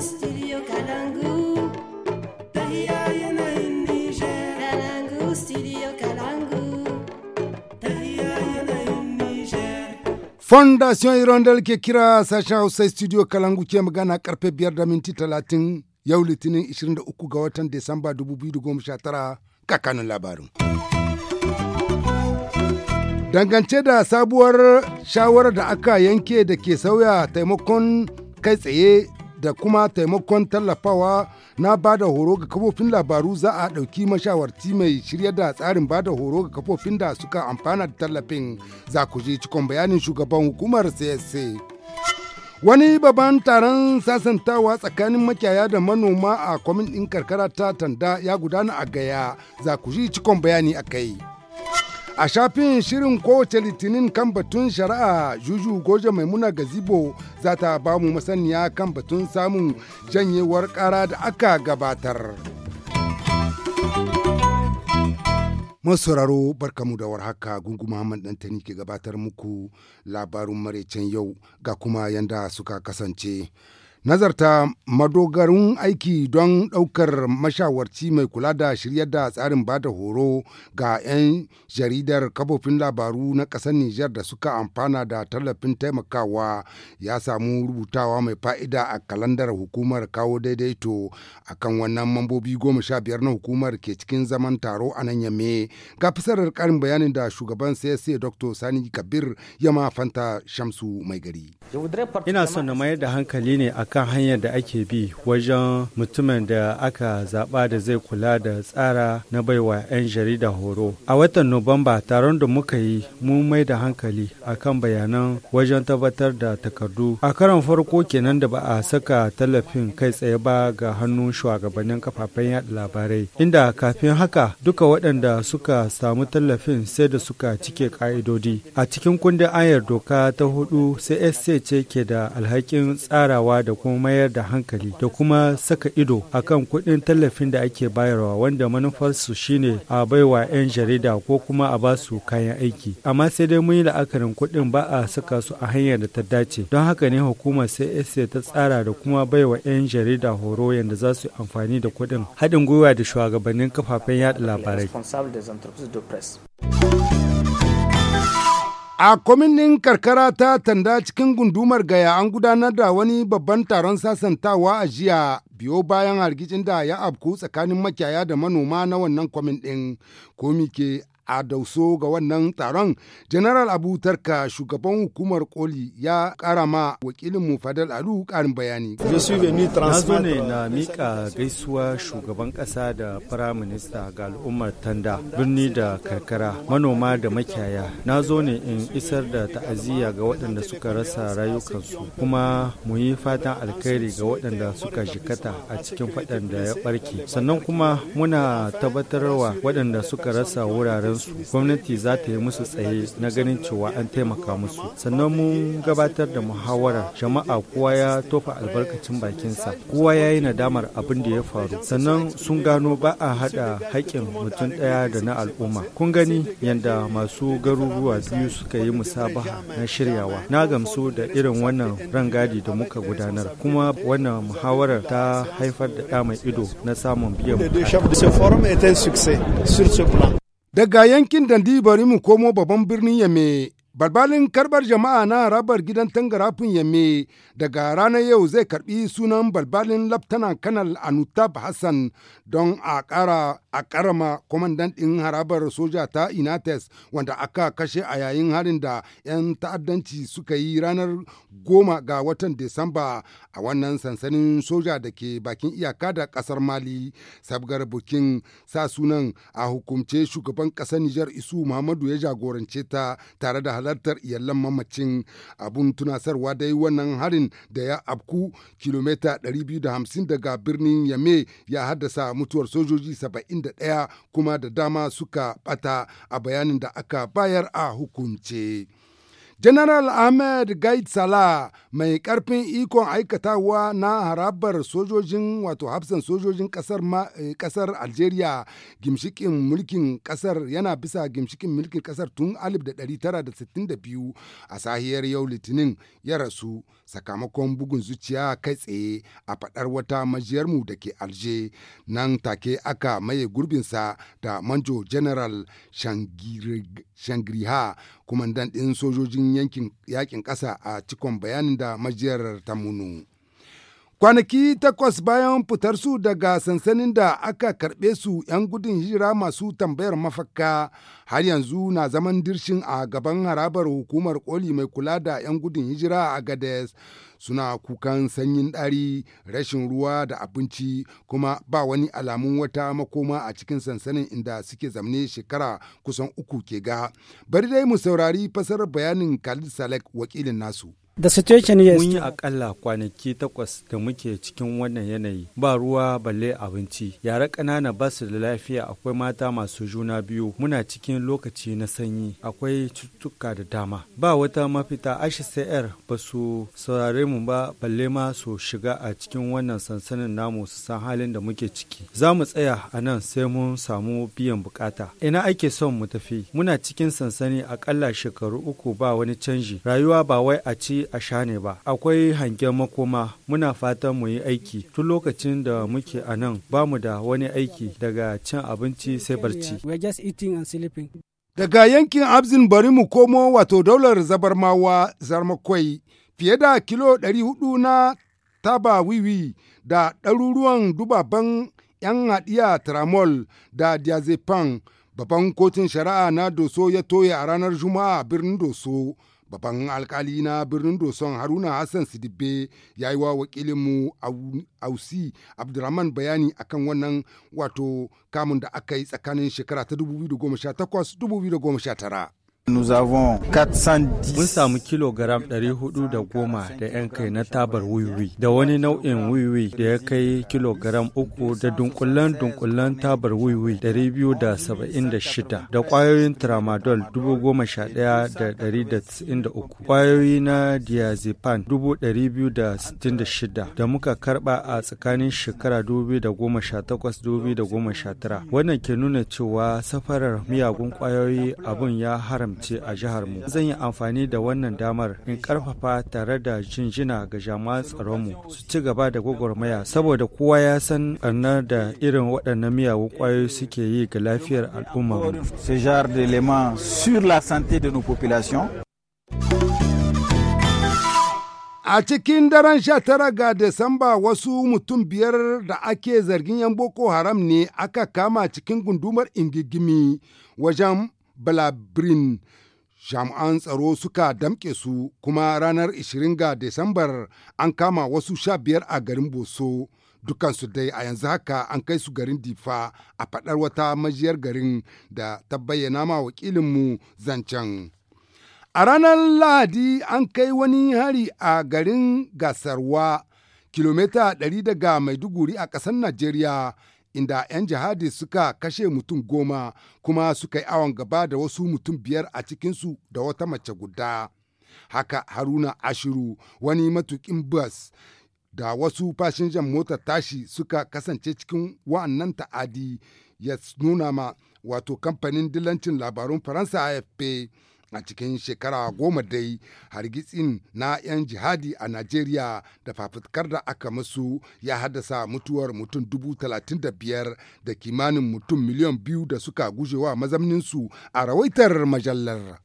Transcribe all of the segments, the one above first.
studio Kalangu. Fondation irondel ke kira sashen Hausa studio Kalangu ke magana karfe biyar da minti talatin yau litinin 23 ga watan Desamba 2019 kakanin labarin. Dangance da sabuwar shawarar da aka yanke da ke sauya taimakon kai tsaye da kuma taimakon tallafawa na bada horo ga kafofin labaru za a ɗauki mashawarci mai shirya da tsarin bada horo ga kafofin da suka amfana da tallafin za ku je cikon bayanin shugaban hukumar CSA. Wani babban taron sasantawa tsakanin makiyaya da manoma a kwamin karkara ta tanda ya gudana a gaya za ku ji cikon bayani a kai. a shafin shirin kowace litinin kan batun shari'a juju goje maimuna gazibo za ta ba mu masaniya kan batun samun janyewar kara da aka gabatar masauraro barkamu da warhaka gungu muhammad dantani ke gabatar muku labarun maraicen yau ga kuma yanda suka kasance nazarta madogarun aiki don ɗaukar mashawarci mai kula da shirya da tsarin ba da horo ga 'yan jaridar kafofin labaru na ƙasar Nijar da suka amfana da tallafin taimakawa ya samu rubutawa mai fa'ida a kalandar hukumar kawo daidaito a kan wannan mambobi goma sha biyar na hukumar ke cikin zaman taro a nan yamme ga fasarar ƙarin bayanin da shugaban CSA Dr. Sani Kabir Yama Fanta Shamsu mai gari. Ina son na mayar da hankali ne a kan hanyar da ake bi wajen mutumin da aka zaɓa da zai kula da tsara na baiwa 'yan jarida horo. A watan Nuwamba taron da muka yi mun mai da hankali a kan bayanan wajen tabbatar da takardu. A karon farko kenan da ba a saka tallafin kai tsaye ba ga hannun shugabannin kafafen yada labarai. Inda kafin haka duka waɗanda suka samu tallafin sai da suka cike ka'idodi A cikin kundin ayar doka ta hudu sai SC ce ke da alhakin tsarawa da kuma mayar da hankali da kuma saka ido a kan kuɗin tallafin da ake bayarwa wanda manufarsu shine a baiwa 'yan jarida ko kuma a basu kayan aiki amma sai dai mun yi la'akarin kuɗin ba a saka su a hanyar da ta dace don haka ne hukumar CSA ta tsara da kuma baiwa 'yan jarida horo yadda za su amfani da kuɗin haɗin gwiwa da shugabannin kafafen yada labarai. A kwamitin karkara ta tanda cikin gundumar gaya an gudanar da wani babban taron sasantawa a jiya biyo bayan hargitsin da ya afku tsakanin makiyaya da manoma na wannan kwamin ɗin ko ke a dauso ga wannan taron general abu tarka shugaban hukumar koli ya kara ma wakilinmu fadal alu karin bayani na zo ne na mika gaisuwa shugaban kasa da firaminista ga al'ummar tanda birni da karkara manoma da makiyaya na zo ne in isar da ta'aziyya ga waɗanda suka rasa rayukansu kuma mu yi fatan alkhairi ga waɗanda suka jikata a cikin faɗan da ya ɓarke sannan kuma muna tabbatarwa waɗanda suka rasa wuraren gidajensu gwamnati za ta yi musu tsaye na ganin cewa an taimaka musu sannan mun gabatar da muhawarar jama'a kowa ya tofa albarkacin bakinsa kowa ya yi nadamar abin da ya faru sannan sun gano ba a haɗa haƙƙin mutum ɗaya da na al'umma kun gani yadda masu garuruwa biyu suka yi musabaha na shiryawa na gamsu da irin wannan rangadi da muka gudanar kuma wannan muhawarar ta haifar da ɗa mai ido na samun biyan plan. Daga yankin Dandi bari mu komo babban birnin Yame Balbalin karbar jama'a na harabar gidan tangarafin yamme daga ranar yau zai karbi sunan balbalin laftana kanal Anutab Hassan don a ƙara a ƙarama kwamandan ɗin harabar soja ta Inates wanda aka kashe a yayin harin da 'yan ta'addanci suka yi ranar goma ga watan Desamba a wannan sansanin soja da ke bakin iyaka da ƙasar Mali. Sabgar bukin sa sunan a hukumce shugaban ƙasar Nijar Isu Muhammadu ya jagorance ta tare da halartar iyalan mamacin abun tunasarwa dai wannan harin da ya afku kilomita 250 daga birnin yame ya haddasa mutuwar sojoji 71 kuma da dama suka bata a bayanin da aka bayar a hukunce. General Ahmed Gaid Salah mai karfin ikon aikatawa na harabar sojojin wato hafsan sojojin kasar, e, eh, Algeria gimshikin mulkin kasar yana bisa gimshikin mulkin kasar tun 1962 a sahiyar yau litinin ya rasu sakamakon bugun zuciya kai tsaye a faɗar wata majiyarmu da ke Alje nan take aka maye gurbinsa da manjo General Shangriha kumandan ɗin sojojin yankin yakin ƙasa a cikon bayanin da majiyar ta munu. Kwanaki takwas bayan fitarsu daga sansanin da aka karɓe su 'yan gudun hijira masu tambayar mafaka har yanzu na zaman dirshin a gaban harabar hukumar koli mai kula da 'yan gudun hijira a Gades suna kukan sanyin ɗari, rashin ruwa da abinci kuma ba wani alamun wata makoma a cikin sansanin inda suke zamne shekara kusan uku ke ga. Bari dai mu saurari fasar bayanin Khalid Salek wakilin nasu. The situation is Mun yi akalla kwanaki takwas da muke cikin wannan yanayi ba ruwa balle abinci yara ƙanana ba su da lafiya akwai mata masu juna biyu muna cikin lokaci na sanyi akwai cututtuka da dama ba wata mafita 'yar ba su saurare mu ba balle ma su shiga a cikin wannan sansanin namu su san halin da muke ciki za mu tsaya a nan sai mun samu biyan bukata ina ake son mu tafi muna cikin sansani akalla shekaru uku ba wani canji rayuwa ba wai a ci a sha ba akwai hangen makoma muna fatan mu yi aiki tun lokacin da muke a nan ba mu da wani aiki daga cin abinci sai barci daga yankin abzin bari mu komo wato daular zabarmawa zarmakwai fiye da kilo 400 na taba wiwi da ɗaruruwan dubaban 'yan haɗiya tramol da diazepam babban kotun shari'a na doso ya toye a ranar juma'a birnin doso Babban alkali na birnin Doson Haruna Hassan sidibe ya yi wa wakilinmu Ausi Abdurrahman bayani akan wannan wato kamun da aka yi tsakanin shekara ta 2018-2019. Mun samu kilogram 410 da 'yan kai na tabar wiwi da wani nau'in wiwi da ya kai kilogram uku da dunkullen dunkullen tabar wiwi 276 da kwayoyin tramadol 11,193 kwayoyi na diazepam 266 da muka karba a tsakanin shekara 2018-2019 wannan ke nuna cewa safarar miyagun kwayoyi abun ya haramta kasance a jihar mu zan yi amfani da wannan damar in karfafa tare da jinjina ga jama'an tsaron mu su ci gaba da gwagwarmaya saboda kowa ya san ɓarnar da irin waɗannan miyagun ƙwayoyi suke yi ga lafiyar al'umma ce genre sur la santé de nos populations A cikin daren sha tara ga Desamba wasu mutum biyar da ake zargin 'yan Boko Haram ne aka kama cikin gundumar ingigimi wajen Balabrin jami'an tsaro suka damƙe su kuma ranar 20 ga Desambar an kama wasu sha biyar a garin Boso. dukansu dai a yanzu haka an kai su garin difa a faɗar wata majiyar garin da ta bayyana ma wakilinmu zancen. A ranar Lahadi an kai wani hari a garin Gasarwa, kilomita 100 daga Maiduguri a ƙasar Najeriya inda 'yan jihadi suka kashe mutum goma kuma suka yi awon gaba da wasu mutum biyar a cikinsu da wata mace guda. Haka Haruna Ashiru wani matukin bus da wasu fashinjan motar tashi suka kasance cikin wa'annan ta'adi ya nuna ma wato kamfanin dilancin labarun Faransa AFP. a cikin shekara goma dai hargitsin na 'yan jihadi a najeriya da fafutkar da aka masu ya haddasa mutuwar mutum dubu talatin da biyar da kimanin mutum miliyan biyu da suka gujewa mazamninsu a rawaitar majallar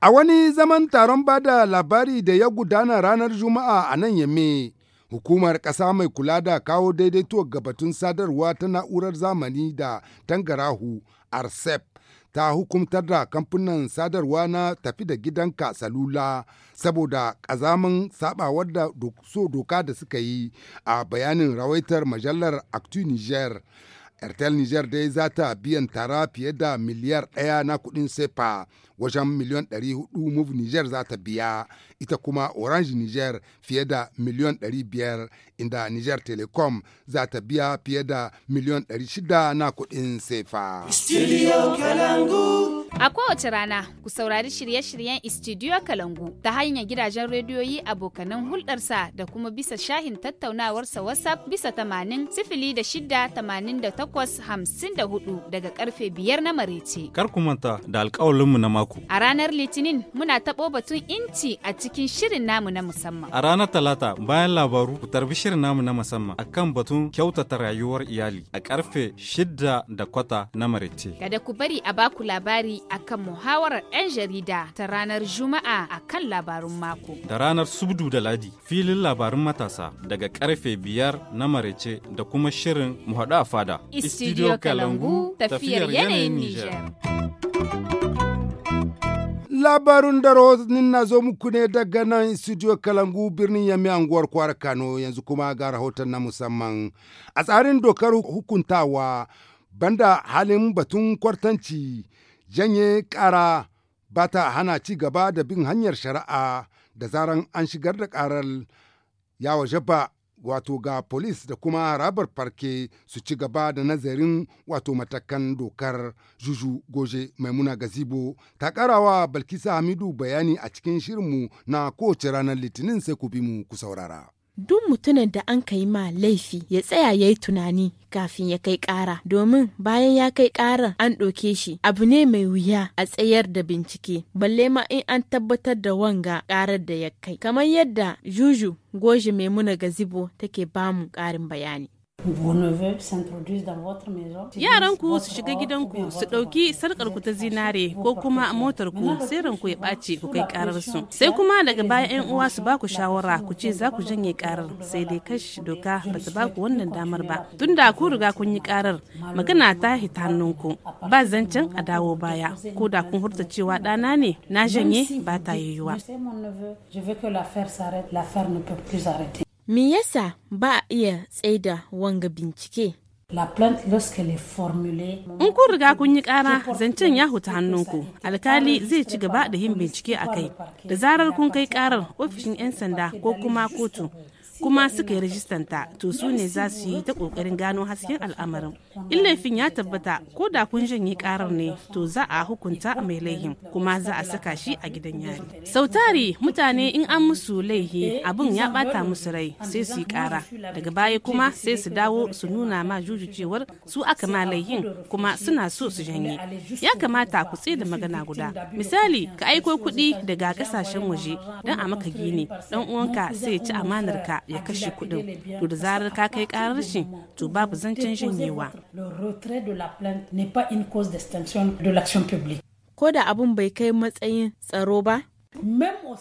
a wani zaman taron bada labari da ya gudana ranar juma'a a nan yamme hukumar ƙasa mai kula da kawo daidaito gabatun sadarwa ta na'urar zamani da tangarahu arcep ta hukumtar da kamfunan sadarwa na tafi da gidanka salula saboda ƙazamin sabawar da so doka da suka yi a bayanin rawaitar majalar Actu Niger. airtel niger dai za ta biyan tara fiye da miliyar ɗaya na kuɗin sefa wajen miliyon 400 move niger za ta biya ita kuma orange niger fiye da miliyon 500 inda niger telecom za ta biya fiye da miliyon 600 na kuɗin sefa A kowace rana ku saurari shirye-shiryen Studio Kalangu ta hanyar gidajen rediyoyi abokanan hulɗarsa da kuma bisa shahin tattaunawarsa WhatsApp bisa 80 sifili da shida tamanin da takwas 8:54 daga karfe 5 na marece. Kar ku manta da alkawalinmu na mako. A ranar Litinin muna taɓo batun inci a cikin shirin namu na musamman. A ranar Talata bayan labaru ku tarbi shirin namu na musamman a kan batun kyautata rayuwar iyali a karfe 6 da kwata na marece. Kada ku bari a baku labari a kan muhawarar 'yan jarida ta ranar Juma'a a kan labarun mako. Da ranar Subdu da Ladi filin labarun matasa daga karfe biyar na marece da kuma shirin mu haɗu a fada. Studio Kalangu tafiyar yanayin Nijar. Labarun daro na zo muku ne daga nan Studio Kalangu birnin Yami anguwar kwara Kano yanzu kuma ga rahoton na musamman. A tsarin dokar hukuntawa banda halin batun kwartanci janye kara ba ta hana ci gaba da bin hanyar shari'a da zaran an shigar da karar yawa ba wato ga polis da kuma rabar farke su ci gaba da nazarin wato matakan dokar juju goje maimuna gazibo ta karawa balkisa hamidu bayani a cikin shirinmu na kowace ranar litinin sai ku bi mu ku saurara. duk mutumin da an kai ma laifi ya tsaya ya yi tunani kafin ya kai ƙara domin bayan ya kai ƙarar an ɗauke shi abu ne mai wuya a tsayar da bincike balle ma in an tabbatar da wanga ƙarar da ya kai kamar yadda juju goji maimuna gazibo take bamu ƙarin bayani Yaran ku su shiga gidanku su ɗauki sarƙar ku ta zinare ko kuma motar ku sai ranku ya ɓace ku kai ƙarar su. Sai kuma daga bayan 'yan uwa su baku shawara ku ce za ku janye ƙarar sai dai kash doka ba ta baku wannan damar ba. tun da ku riga kun yi ƙarar magana ta hita hannunku ba zancen a dawo baya ko da kun hurta cewa ɗana ne na janye ba ta yiwuwa. Me yasa ba a iya tsaida wanga bincike? In kun riga kun yi kara zancen ya huta hannunku, alkali zai ci gaba da yin bincike a kai. Da zarar kun kai karar ofishin 'yan sanda ko kuma kotu kuma suka yi rajistanta to su ne za su yi ta ƙoƙarin gano hasken al'amarin in laifin ya tabbata ko da kun janye karar ne to za a hukunta mai laihin kuma za a saka shi a gidan yari sautari mutane in an musu laihi abin ya bata musu rai sai su yi kara daga baya kuma sai su dawo su nuna ma juju su aka ma laihin kuma suna so su janye ya kamata ku tsaye da magana guda misali ka aiko kuɗi daga ƙasashen waje don a maka gini dan uwanka sai ci amanar ka ya kashe kuɗin to da zarar ka kai karar shi to babu zancen janyewa ko da abun bai kai matsayin tsaro ba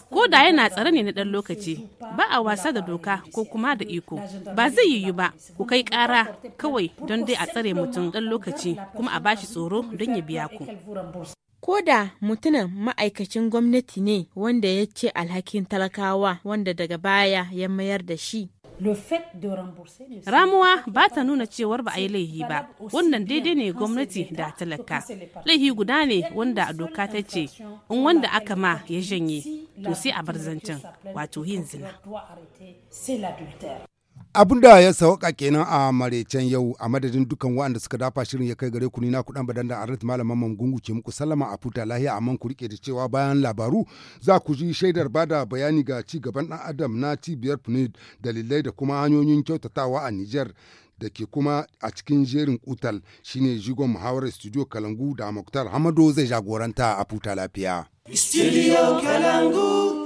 ko da yana tsare ne na ɗan lokaci ba a wasa da doka ko kuma da iko ba zai yiwu ba ku kai ƙara kawai don dai a tsare mutum ɗan lokaci kuma a bashi tsoro don ya biya ku ko da mutumin ma'aikacin gwamnati ne wanda ya ce alhakin talakawa wanda daga baya ya mayar da shi Ramuwa ba ta nuna cewar ba a yi laihi ba, wannan daidai ne gwamnati da talaka. Laihi guda ne wanda a doka ta ce, in wanda aka ma ya janye, to sai a bar zancen wato yin zina. abun da ya sauka kenan a maraicen yau a madadin dukkan waɗanda suka dafa shirin ya kai gare ku ni na kuɗan badan da arit malaman mamgungu ke muku sallama a futa lahiya amma ku rike da cewa bayan labaru za ku ji shaidar bada bayani ga ci gaban ɗan adam na cibiyar pnid dalilai da kuma hanyoyin kyautatawa a niger da ke kuma a cikin jerin kutal shine jigon muhawarar studio kalangu da muktar hamado zai jagoranta a futa lafiya. Studio Kalangu.